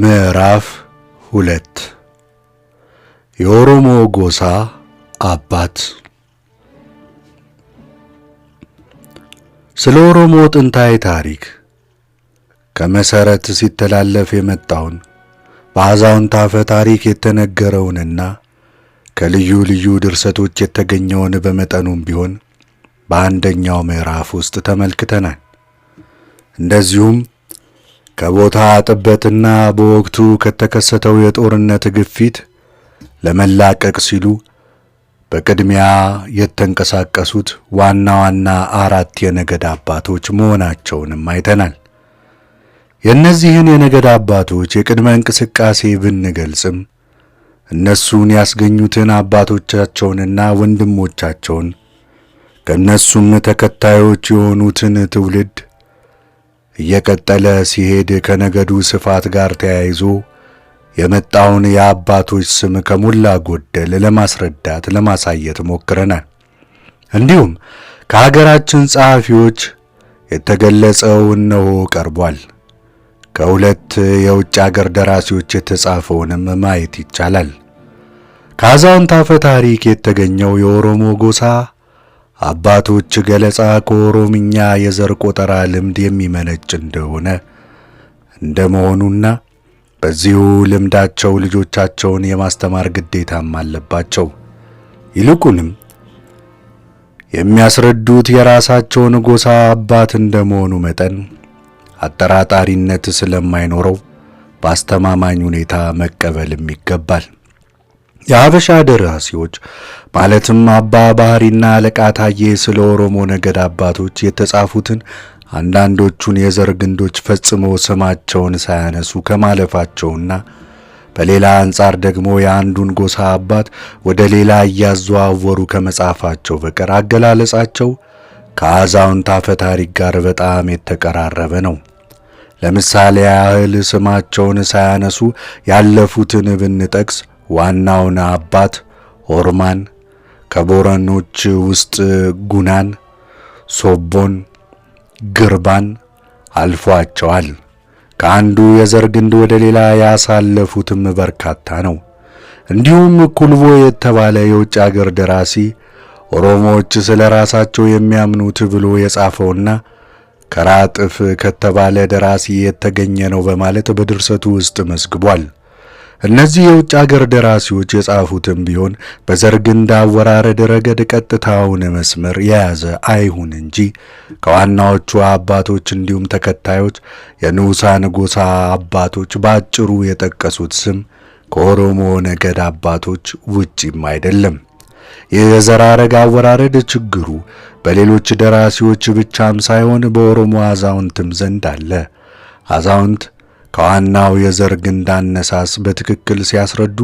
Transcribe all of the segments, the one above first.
ምዕራፍ ሁለት የኦሮሞ ጎሳ አባት። ስለ ኦሮሞ ጥንታዊ ታሪክ ከመሠረት ሲተላለፍ የመጣውን በአዛውንት አፈ ታሪክ የተነገረውንና ከልዩ ልዩ ድርሰቶች የተገኘውን በመጠኑም ቢሆን በአንደኛው ምዕራፍ ውስጥ ተመልክተናል። እንደዚሁም ከቦታ ጥበትና በወቅቱ ከተከሰተው የጦርነት ግፊት ለመላቀቅ ሲሉ በቅድሚያ የተንቀሳቀሱት ዋና ዋና አራት የነገድ አባቶች መሆናቸውንም አይተናል። የእነዚህን የነገድ አባቶች የቅድመ እንቅስቃሴ ብንገልጽም እነሱን ያስገኙትን አባቶቻቸውንና ወንድሞቻቸውን ከእነሱም ተከታዮች የሆኑትን ትውልድ እየቀጠለ ሲሄድ ከነገዱ ስፋት ጋር ተያይዞ የመጣውን የአባቶች ስም ከሞላ ጎደል ለማስረዳት ለማሳየት ሞክረናል። እንዲሁም ከሀገራችን ጸሐፊዎች የተገለጸው እነሆ ቀርቧል። ከሁለት የውጭ አገር ደራሲዎች የተጻፈውንም ማየት ይቻላል። ከአዛውንት አፈ ታሪክ የተገኘው የኦሮሞ ጎሳ አባቶች ገለጻ ከኦሮምኛ የዘር ቆጠራ ልምድ የሚመነጭ እንደሆነ እንደመሆኑና በዚሁ ልምዳቸው ልጆቻቸውን የማስተማር ግዴታም አለባቸው። ይልቁንም የሚያስረዱት የራሳቸውን ጎሳ አባት እንደመሆኑ መጠን አጠራጣሪነት ስለማይኖረው በአስተማማኝ ሁኔታ መቀበልም ይገባል። የሀበሻ ደራሲዎች ማለትም አባ ባህሪና አለቃ ታዬ ስለ ኦሮሞ ነገድ አባቶች የተጻፉትን አንዳንዶቹን የዘር ግንዶች ፈጽሞ ስማቸውን ሳያነሱ ከማለፋቸውና በሌላ አንጻር ደግሞ የአንዱን ጎሳ አባት ወደ ሌላ እያዘዋወሩ ከመጻፋቸው በቀር አገላለጻቸው ከአዛውንት አፈ ታሪክ ጋር በጣም የተቀራረበ ነው። ለምሳሌ ያህል ስማቸውን ሳያነሱ ያለፉትን ብንጠቅስ ዋናውን አባት ኦርማን፣ ከቦረኖች ውስጥ ጉናን፣ ሶቦን፣ ግርባን አልፏቸዋል። ከአንዱ የዘር ግንድ ወደ ሌላ ያሳለፉትም በርካታ ነው። እንዲሁም ኩልቦ የተባለ የውጭ አገር ደራሲ ኦሮሞዎች ስለ ራሳቸው የሚያምኑት ብሎ የጻፈውና ከራጥፍ ከተባለ ደራሲ የተገኘ ነው በማለት በድርሰቱ ውስጥ መዝግቧል። እነዚህ የውጭ አገር ደራሲዎች የጻፉትም ቢሆን በዘርግ እንዳወራረድ ረገድ ቀጥታውን መስመር የያዘ አይሁን እንጂ ከዋናዎቹ አባቶች እንዲሁም ተከታዮች የንዑሳን ጎሳ አባቶች በአጭሩ የጠቀሱት ስም ከኦሮሞ ነገድ አባቶች ውጪም አይደለም። ይህ የዘራረግ አወራረድ ችግሩ በሌሎች ደራሲዎች ብቻም ሳይሆን በኦሮሞ አዛውንትም ዘንድ አለ። አዛውንት ከዋናው የዘር ግንድ አነሳስ በትክክል ሲያስረዱ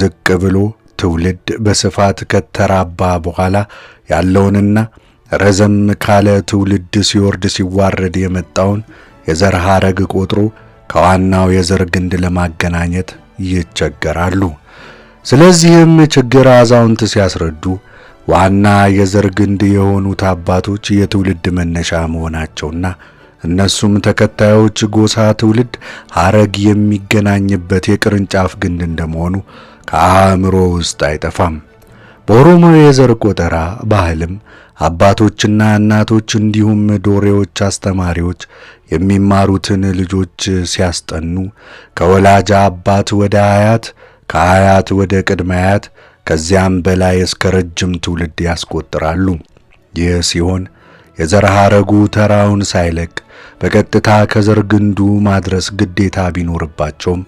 ዝቅ ብሎ ትውልድ በስፋት ከተራባ በኋላ ያለውንና ረዘም ካለ ትውልድ ሲወርድ ሲዋረድ የመጣውን የዘር ሐረግ ቆጥሮ ከዋናው የዘር ግንድ ለማገናኘት ይቸገራሉ። ስለዚህም ችግር አዛውንት ሲያስረዱ ዋና የዘር ግንድ የሆኑት አባቶች የትውልድ መነሻ መሆናቸውና እነሱም ተከታዮች፣ ጎሳ፣ ትውልድ፣ ሐረግ የሚገናኝበት የቅርንጫፍ ግንድ እንደመሆኑ ከአእምሮ ውስጥ አይጠፋም። በኦሮሞ የዘር ቆጠራ ባህልም አባቶችና እናቶች እንዲሁም ዶሬዎች አስተማሪዎች የሚማሩትን ልጆች ሲያስጠኑ ከወላጅ አባት ወደ አያት፣ ከአያት ወደ ቅድመ አያት ከዚያም በላይ እስከ ረጅም ትውልድ ያስቆጥራሉ። ይህ ሲሆን የዘር ሐረጉ ተራውን ሳይለቅ በቀጥታ ከዘር ግንዱ ማድረስ ግዴታ ቢኖርባቸውም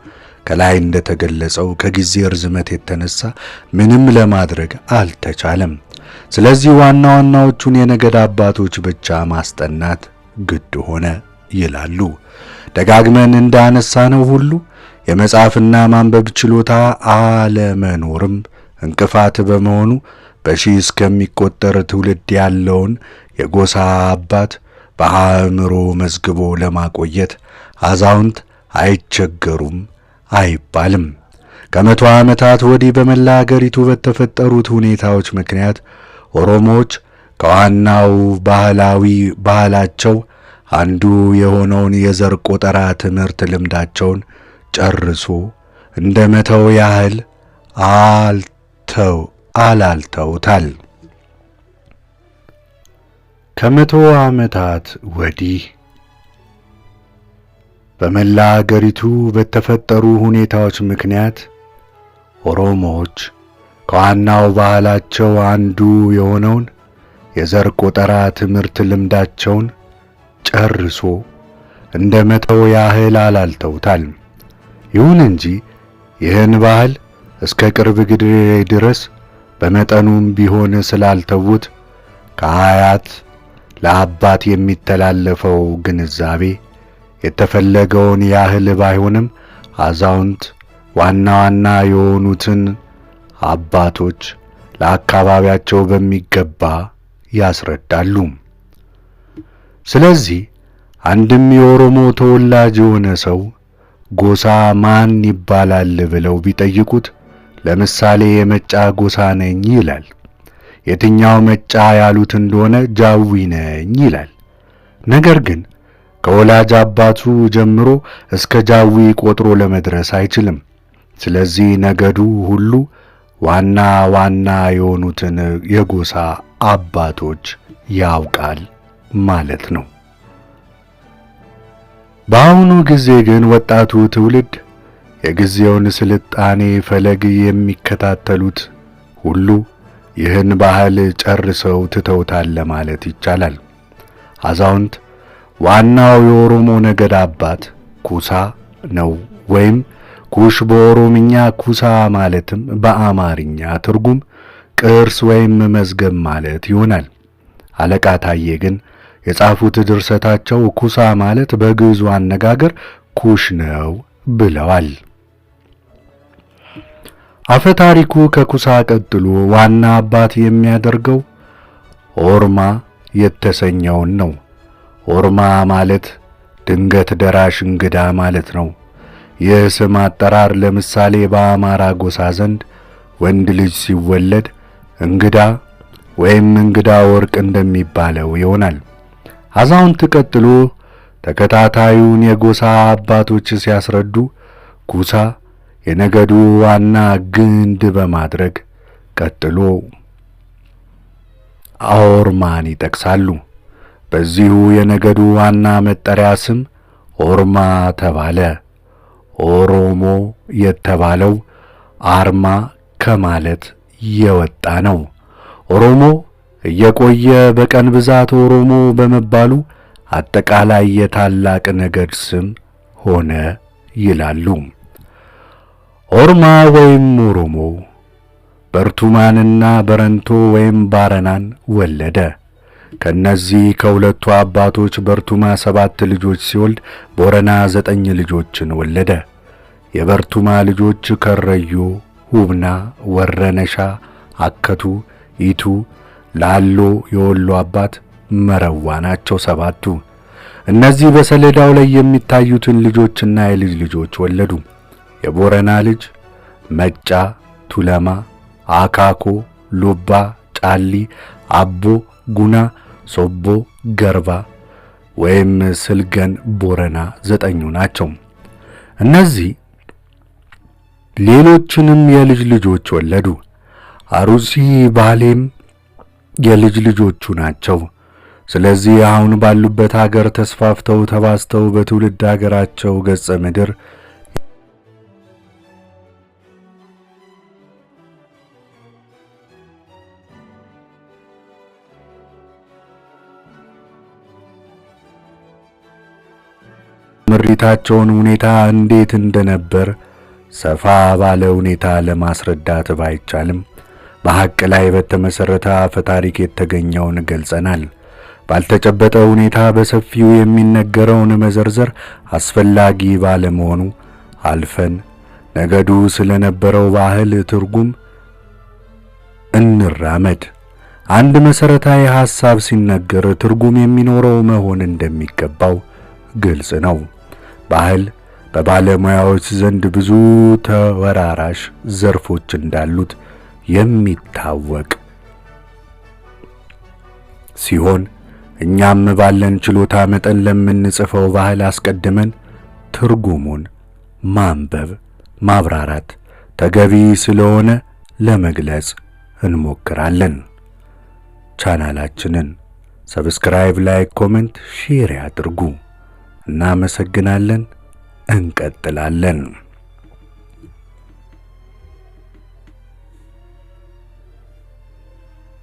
ከላይ እንደተገለጸው ከጊዜ ርዝመት የተነሳ ምንም ለማድረግ አልተቻለም። ስለዚህ ዋና ዋናዎቹን የነገድ አባቶች ብቻ ማስጠናት ግድ ሆነ ይላሉ። ደጋግመን እንዳነሳነው ሁሉ የመጻፍና ማንበብ ችሎታ አለመኖርም እንቅፋት በመሆኑ በሺህ እስከሚቆጠር ትውልድ ያለውን የጎሳ አባት በአእምሮ መዝግቦ ለማቆየት አዛውንት አይቸገሩም አይባልም። ከመቶ ዓመታት ወዲህ በመላ አገሪቱ በተፈጠሩት ሁኔታዎች ምክንያት ኦሮሞዎች ከዋናው ባህላዊ ባህላቸው አንዱ የሆነውን የዘር ቆጠራ ትምህርት ልምዳቸውን ጨርሶ እንደ መተው ያህል አላልተውታል። ከመቶ ዓመታት ወዲህ በመላ አገሪቱ በተፈጠሩ ሁኔታዎች ምክንያት ኦሮሞዎች ከዋናው ባህላቸው አንዱ የሆነውን የዘር ቆጠራ ትምህርት ልምዳቸውን ጨርሶ እንደ መተው ያህል አላልተውታል። ይሁን እንጂ ይህን ባህል እስከ ቅርብ ጊዜ ድረስ በመጠኑም ቢሆን ስላልተዉት ከአያት ለአባት የሚተላለፈው ግንዛቤ የተፈለገውን ያህል ባይሆንም አዛውንት ዋና ዋና የሆኑትን አባቶች ለአካባቢያቸው በሚገባ ያስረዳሉ። ስለዚህ አንድም የኦሮሞ ተወላጅ የሆነ ሰው ጎሳ ማን ይባላል ብለው ቢጠይቁት ለምሳሌ የመጫ ጎሳ ነኝ ይላል። የትኛው መጫ ያሉት እንደሆነ ጃዊ ነኝ ይላል። ነገር ግን ከወላጅ አባቱ ጀምሮ እስከ ጃዊ ቆጥሮ ለመድረስ አይችልም። ስለዚህ ነገዱ ሁሉ ዋና ዋና የሆኑትን የጎሳ አባቶች ያውቃል ማለት ነው። በአሁኑ ጊዜ ግን ወጣቱ ትውልድ የጊዜውን ስልጣኔ ፈለግ የሚከታተሉት ሁሉ ይህን ባህል ጨርሰው ትተውታል ለማለት ይቻላል። አዛውንት ዋናው የኦሮሞ ነገድ አባት ኩሳ ነው ወይም ኩሽ በኦሮምኛ ኩሳ ማለትም በአማርኛ ትርጉም ቅርስ ወይም መዝገብ ማለት ይሆናል። አለቃ ታዬ ግን የጻፉት ድርሰታቸው ኩሳ ማለት በግዕዙ አነጋገር ኩሽ ነው ብለዋል። አፈ ታሪኩ ከኩሳ ቀጥሎ ዋና አባት የሚያደርገው ኦርማ የተሰኘውን ነው። ኦርማ ማለት ድንገት ደራሽ እንግዳ ማለት ነው። ይህ ስም አጠራር ለምሳሌ በአማራ ጎሳ ዘንድ ወንድ ልጅ ሲወለድ እንግዳ ወይም እንግዳ ወርቅ እንደሚባለው ይሆናል። አዛውንት ቀጥሎ ተከታታዩን የጎሳ አባቶች ሲያስረዱ ኩሳ የነገዱ ዋና ግንድ በማድረግ ቀጥሎ አውርማን ይጠቅሳሉ። በዚሁ የነገዱ ዋና መጠሪያ ስም ኦርማ ተባለ። ኦሮሞ የተባለው አርማ ከማለት የወጣ ነው። ኦሮሞ እየቆየ በቀን ብዛት ኦሮሞ በመባሉ አጠቃላይ የታላቅ ነገድ ስም ሆነ ይላሉ። ኦርማ ወይም ኦሮሞ፣ በርቱማንና በረንቶ ወይም ባረናን ወለደ። ከነዚህ ከሁለቱ አባቶች በርቱማ ሰባት ልጆች ሲወልድ ቦረና ዘጠኝ ልጆችን ወለደ። የበርቱማ ልጆች ከረዩ፣ ሁብና፣ ወረነሻ፣ አከቱ፣ ኢቱ፣ ላሎ የወሎ አባት መረዋ ናቸው ሰባቱ። እነዚህ በሰሌዳው ላይ የሚታዩትን ልጆችና የልጅ ልጆች ወለዱ። የቦረና ልጅ መጫ፣ ቱለማ፣ አካኮ፣ ሎባ፣ ጫሊ፣ አቦ፣ ጉና፣ ሶቦ፣ ገርባ ወይም ስልገን ቦረና ዘጠኙ ናቸው። እነዚህ ሌሎችንም የልጅ ልጆች ወለዱ። አሩሲ ባሌም የልጅ ልጆቹ ናቸው። ስለዚህ አሁን ባሉበት አገር ተስፋፍተው ተባስተው በትውልድ አገራቸው ገጸ ምድር ምሪታቸውን ሁኔታ እንዴት እንደነበር ሰፋ ባለ ሁኔታ ለማስረዳት ባይቻልም በሐቅ ላይ በተመሠረተ አፈ ታሪክ የተገኘውን ገልጸናል። ባልተጨበጠ ሁኔታ በሰፊው የሚነገረውን መዘርዘር አስፈላጊ ባለመሆኑ አልፈን ነገዱ ስለነበረው ባህል ትርጉም እንራመድ። አንድ መሠረታዊ ሐሳብ ሲነገር ትርጉም የሚኖረው መሆን እንደሚገባው ግልጽ ነው። ባህል በባለሙያዎች ዘንድ ብዙ ተወራራሽ ዘርፎች እንዳሉት የሚታወቅ ሲሆን እኛም ባለን ችሎታ መጠን ለምንጽፈው ባህል አስቀድመን ትርጉሙን ማንበብ፣ ማብራራት ተገቢ ስለሆነ ለመግለጽ እንሞክራለን። ቻናላችንን ሰብስክራይብ፣ ላይክ፣ ኮሜንት፣ ሼር ያድርጉ። እናመሰግናለን። እንቀጥላለን።